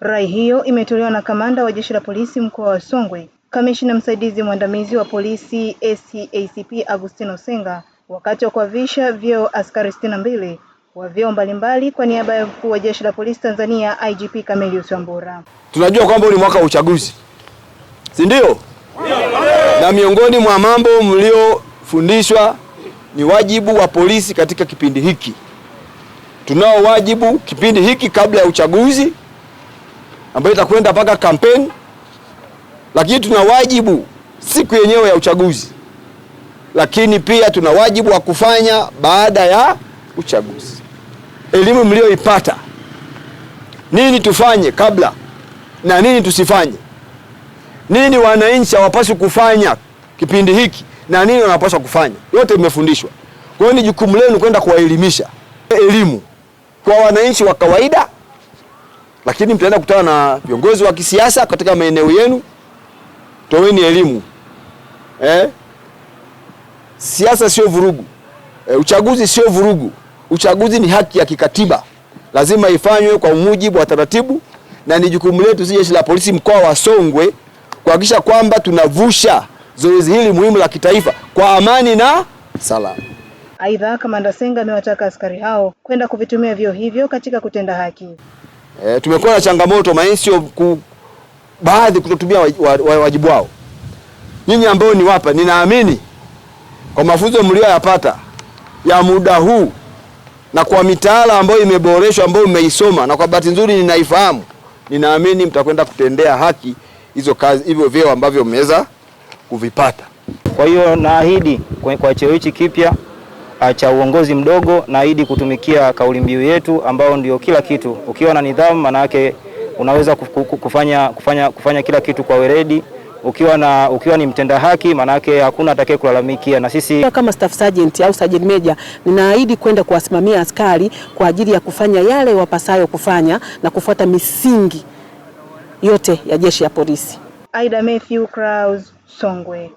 Rai hiyo imetolewa na kamanda wa jeshi la polisi mkoa wa Songwe, kamishina msaidizi mwandamizi wa polisi SCACP Agustino Senga wakati wa kuavisha vyeo askari sitini na mbili wa vyeo mbalimbali kwa niaba ya mkuu wa jeshi la polisi Tanzania IGP Camilius Wambura. Tunajua kwamba huu ni mwaka wa uchaguzi, si ndio? Na miongoni mwa mambo mliofundishwa ni wajibu wa polisi katika kipindi hiki. Tunao wajibu kipindi hiki kabla ya uchaguzi ambayo itakwenda mpaka kampeni, lakini tuna wajibu siku yenyewe ya uchaguzi, lakini pia tuna wajibu wa kufanya baada ya uchaguzi. Elimu mliyoipata, nini tufanye kabla na nini tusifanye, nini wananchi hawapaswi kufanya kipindi hiki na nini wanapaswa kufanya, yote imefundishwa. Kwa hiyo ni jukumu lenu kwenda kuwaelimisha elimu kwa wananchi wa kawaida lakini mtaenda kukutana na viongozi wa kisiasa katika maeneo yenu. Toweni elimu eh? Siasa sio vurugu eh, uchaguzi sio vurugu. Uchaguzi ni haki ya kikatiba, lazima ifanywe kwa mujibu wa taratibu, na ni jukumu letu sisi jeshi la polisi mkoa wa Songwe kuhakikisha kwamba tunavusha zoezi hili muhimu la kitaifa kwa amani na salama. Aidha, Kamanda Senga amewataka askari hao kwenda kuvitumia vyeo hivyo katika kutenda haki. E, tumekuwa na changamoto mainsio ku, baadhi kutotumia wajibu wao. Nyinyi ambao ni wapa, ninaamini kwa mafunzo mlioyapata ya muda huu na kwa mitaala ambayo imeboreshwa ambayo mmeisoma na kwa bahati nzuri ninaifahamu, ninaamini mtakwenda kutendea haki hizo kazi, hivyo vyeo ambavyo mmeweza kuvipata. Kwa hiyo naahidi kwa cheo hichi kipya Uh, cha uongozi mdogo, naahidi kutumikia kauli mbiu yetu ambao ndio kila kitu. Ukiwa na nidhamu, maana yake unaweza kufanya, kufanya, kufanya kila kitu kwa weledi. Ukiwa, na, ukiwa ni mtenda haki manake hakuna atakaye kulalamikia. Na sisi kama staff sergeant au sergeant major, ninaahidi kwenda kuwasimamia askari kwa ajili ya kufanya yale wapasayo kufanya na kufuata misingi yote ya jeshi ya polisi. Aida Matthew Kraus, Songwe.